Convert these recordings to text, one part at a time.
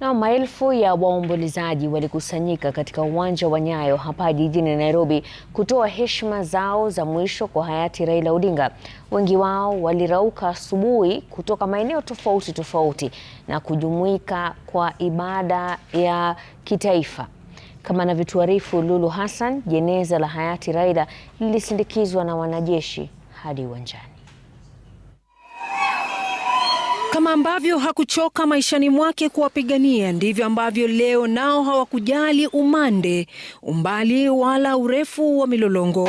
Na maelfu ya waombolezaji walikusanyika katika uwanja wa Nyayo hapa jijini Nairobi kutoa heshima zao za mwisho kwa hayati Raila Odinga. Wengi wao walirauka asubuhi kutoka maeneo tofauti tofauti na kujumuika kwa ibada ya kitaifa. Kama anavyotuarifu Lulu Hassan, jeneza la hayati Raila lilisindikizwa na wanajeshi hadi uwanjani. Kama ambavyo hakuchoka maishani mwake kuwapigania, ndivyo ambavyo leo nao hawakujali umande, umbali wala urefu wa milolongo,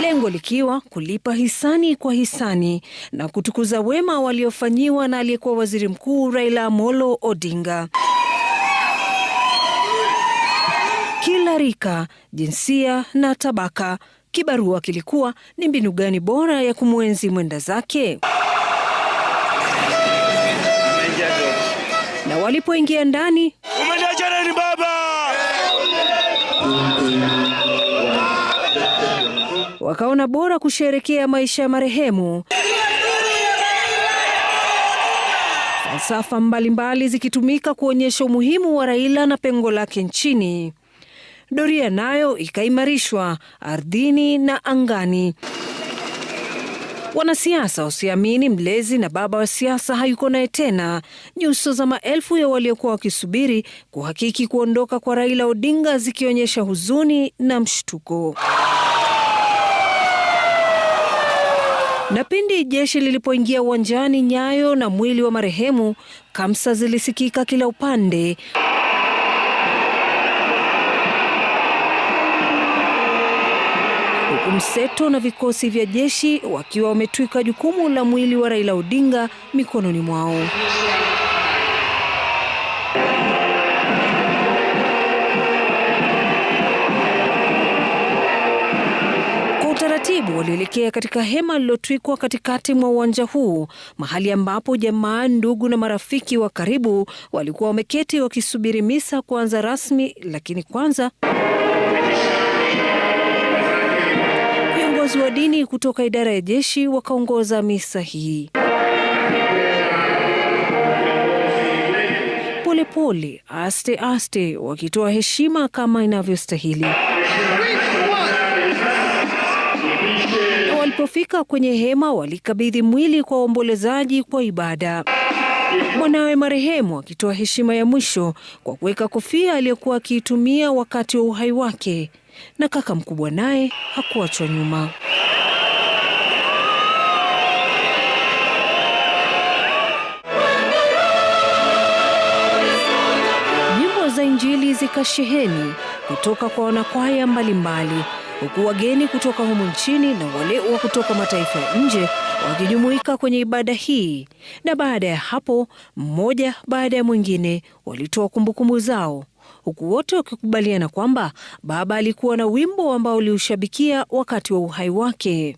lengo likiwa kulipa hisani kwa hisani na kutukuza wema waliofanyiwa na aliyekuwa waziri mkuu Raila Amolo Odinga. Kila rika, jinsia na tabaka, kibarua kilikuwa ni mbinu gani bora ya kumwenzi mwenda zake. Walipoingia ndani, umeniacha nini baba? Wakaona bora kusherekea maisha ya marehemu, falsafa mbalimbali zikitumika kuonyesha umuhimu wa Raila na pengo lake nchini. Doria nayo ikaimarishwa ardhini na angani. Wanasiasa wasiamini mlezi na baba wa siasa hayuko naye tena. Nyuso za maelfu ya waliokuwa wakisubiri kuhakiki kuondoka kwa Raila Odinga zikionyesha huzuni na mshtuko. Na pindi jeshi lilipoingia uwanjani Nyayo na mwili wa marehemu, kamsa zilisikika kila upande. mseto na vikosi vya jeshi wakiwa wametwika jukumu la mwili wa Raila Odinga mikononi mwao. taratibu walielekea katika hema lililotwikwa katikati mwa uwanja huu, mahali ambapo jamaa, ndugu na marafiki wa karibu walikuwa wameketi wakisubiri misa kuanza rasmi. Lakini kwanza Viongozi wa dini kutoka idara ya jeshi wakaongoza misa hii. Polepole, aste aste, wakitoa heshima kama inavyostahili. na Walipofika kwenye hema, walikabidhi mwili kwa waombolezaji kwa ibada, mwanawe marehemu akitoa heshima ya mwisho kwa kuweka kofia aliyokuwa akiitumia wakati wa uhai wake na kaka mkubwa naye hakuachwa nyuma. Nyimbo za Injili zikasheheni kutoka kwa wanakwaya mbalimbali, huku wageni kutoka humu nchini na wale wa kutoka mataifa ya nje wakijumuika kwenye ibada hii, na baada ya hapo, mmoja baada ya mwingine walitoa kumbukumbu zao huku wote wakikubaliana kwamba baba alikuwa na wimbo ambao uliushabikia wakati wa uhai wake.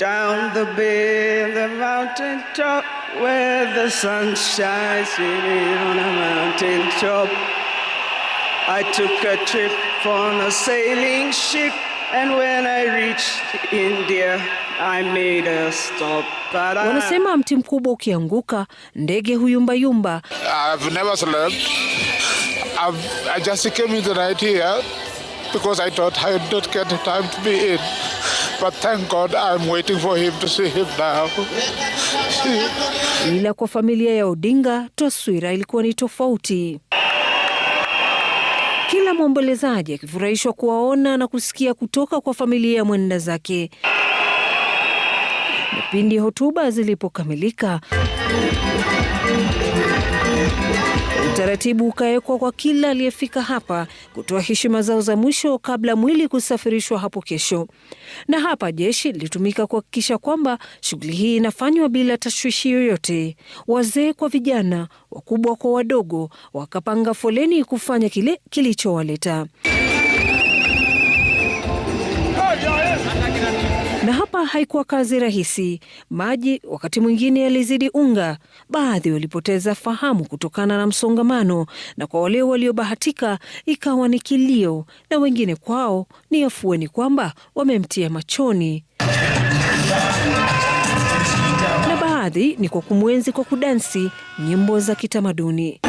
Down the bay, the mountain top, where the sun shines on a mountain top. I took a trip on a sailing ship, and when I reached India, I made a stop. But I... Wanasema mti mkubwa ukianguka, ndege huyumbayumba. I've never slept. I've, I just came in the night here because I thought I would not get time to be in. But thank God I'm waiting for him to see him now. Ila kwa familia ya Odinga taswira ilikuwa ni tofauti. Kila mwombolezaji akifurahishwa kuwaona na kusikia kutoka kwa familia ya mwenda zake. Na pindi hotuba zilipokamilika Utaratibu ukawekwa kwa kila aliyefika hapa kutoa heshima zao za mwisho kabla mwili kusafirishwa hapo kesho. Na hapa jeshi lilitumika kuhakikisha kwamba shughuli hii inafanywa bila tashwishi yoyote. Wazee kwa vijana, wakubwa kwa wadogo, wakapanga foleni kufanya kile kilichowaleta. Na hapa haikuwa kazi rahisi. Maji wakati mwingine yalizidi unga, baadhi walipoteza fahamu kutokana na msongamano, na kwa wale waliobahatika ikawa ni kilio, na wengine kwao ni afueni kwamba wamemtia machoni na baadhi ni kwa kumwenzi kwa kudansi nyimbo za kitamaduni.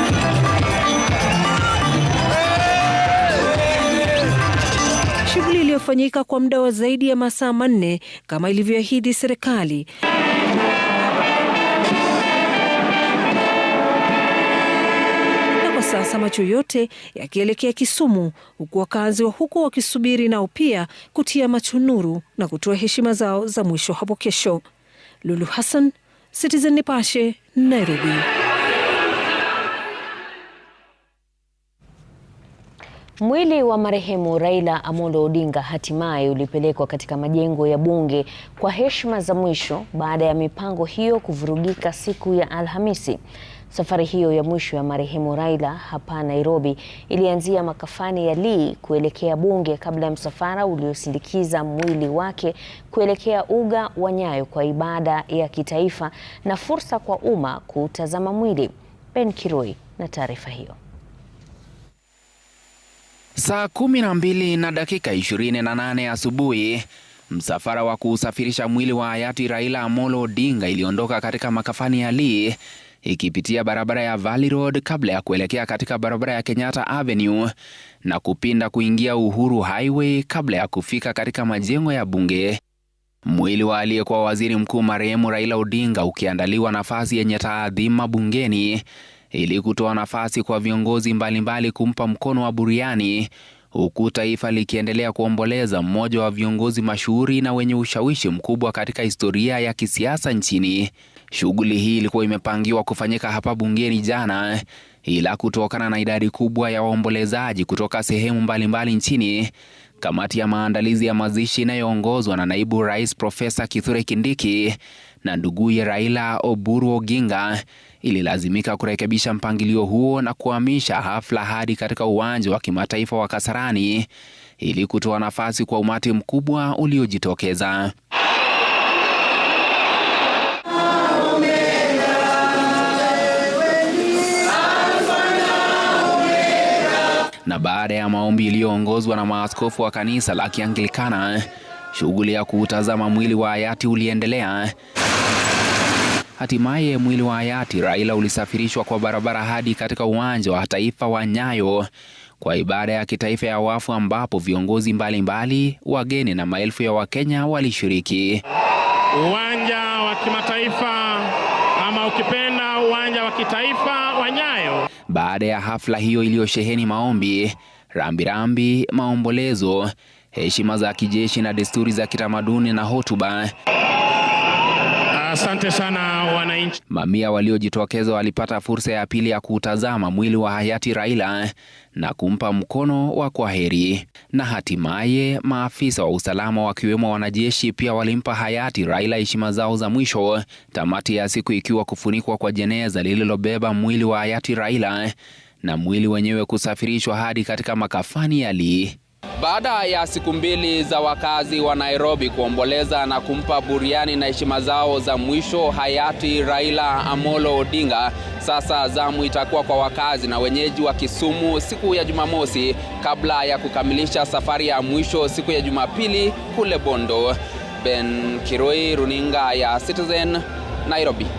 uliofanyika kwa muda wa zaidi ya masaa manne kama ilivyoahidi serikali. Sasa macho yote yakielekea Kisumu, huku wakazi wa huko wakisubiri nao pia kutia macho nuru na kutoa heshima zao za mwisho hapo kesho. Lulu Hassan, Citizen Nipashe, Nairobi. Mwili wa marehemu Raila Amolo Odinga hatimaye ulipelekwa katika majengo ya bunge kwa heshima za mwisho baada ya mipango hiyo kuvurugika siku ya Alhamisi. Safari hiyo ya mwisho ya marehemu Raila hapa Nairobi ilianzia makafani ya Lee kuelekea bunge kabla ya msafara uliosindikiza mwili wake kuelekea uga wa Nyayo kwa ibada ya kitaifa na fursa kwa umma kutazama mwili. Ben Kiroi na taarifa hiyo. Saa kumi na mbili na dakika ishirini na nane asubuhi msafara wa kuusafirisha mwili wa hayati Raila Amolo Odinga iliondoka katika makafani ya Lee ikipitia barabara ya Valley Road kabla ya kuelekea katika barabara ya Kenyatta Avenue na kupinda kuingia Uhuru Highway kabla ya kufika katika majengo ya bunge. Mwili wa aliyekuwa waziri mkuu marehemu Raila Odinga ukiandaliwa nafasi yenye taadhima bungeni ili kutoa nafasi kwa viongozi mbalimbali mbali kumpa mkono wa buriani, huku taifa likiendelea kuomboleza mmoja wa viongozi mashuhuri na wenye ushawishi mkubwa katika historia ya kisiasa nchini. Shughuli hii ilikuwa imepangiwa kufanyika hapa bungeni jana, ila kutokana na idadi kubwa ya waombolezaji kutoka sehemu mbalimbali mbali nchini, kamati ya maandalizi ya mazishi inayoongozwa na naibu rais Profesa Kithure Kindiki na nduguye Raila Oburu Oginga ililazimika kurekebisha mpangilio huo na kuhamisha hafla hadi katika uwanja wa kimataifa wa Kasarani ili kutoa nafasi kwa umati mkubwa uliojitokeza. Na baada ya maombi iliyoongozwa na maaskofu wa kanisa la Kianglikana, shughuli ya kuutazama mwili wa hayati uliendelea. Hatimaye mwili wa hayati Raila ulisafirishwa kwa barabara hadi katika uwanja wa taifa wa Nyayo kwa ibada ya kitaifa ya wafu ambapo viongozi mbalimbali, wageni na maelfu ya Wakenya walishiriki. Uwanja wa kimataifa ama ukipenda uwanja wa kitaifa wa Nyayo. Baada ya hafla hiyo iliyosheheni maombi, rambirambi, maombolezo, heshima za kijeshi na desturi za kitamaduni na hotuba Asante sana wananchi. Mamia waliojitokeza walipata fursa ya pili ya kutazama mwili wa hayati Raila na kumpa mkono wa kwaheri, na hatimaye maafisa wa usalama wakiwemo wanajeshi pia walimpa hayati Raila heshima zao za mwisho, tamati ya siku ikiwa kufunikwa kwa jeneza lililobeba mwili wa hayati Raila na mwili wenyewe kusafirishwa hadi katika makafani ya Lee. Baada ya siku mbili za wakazi wa Nairobi kuomboleza na kumpa buriani na heshima zao za mwisho hayati Raila Amolo Odinga, sasa zamu itakuwa kwa wakazi na wenyeji wa Kisumu siku ya Jumamosi kabla ya kukamilisha safari ya mwisho siku ya Jumapili kule Bondo. Ben Kiroi, runinga ya Citizen, Nairobi.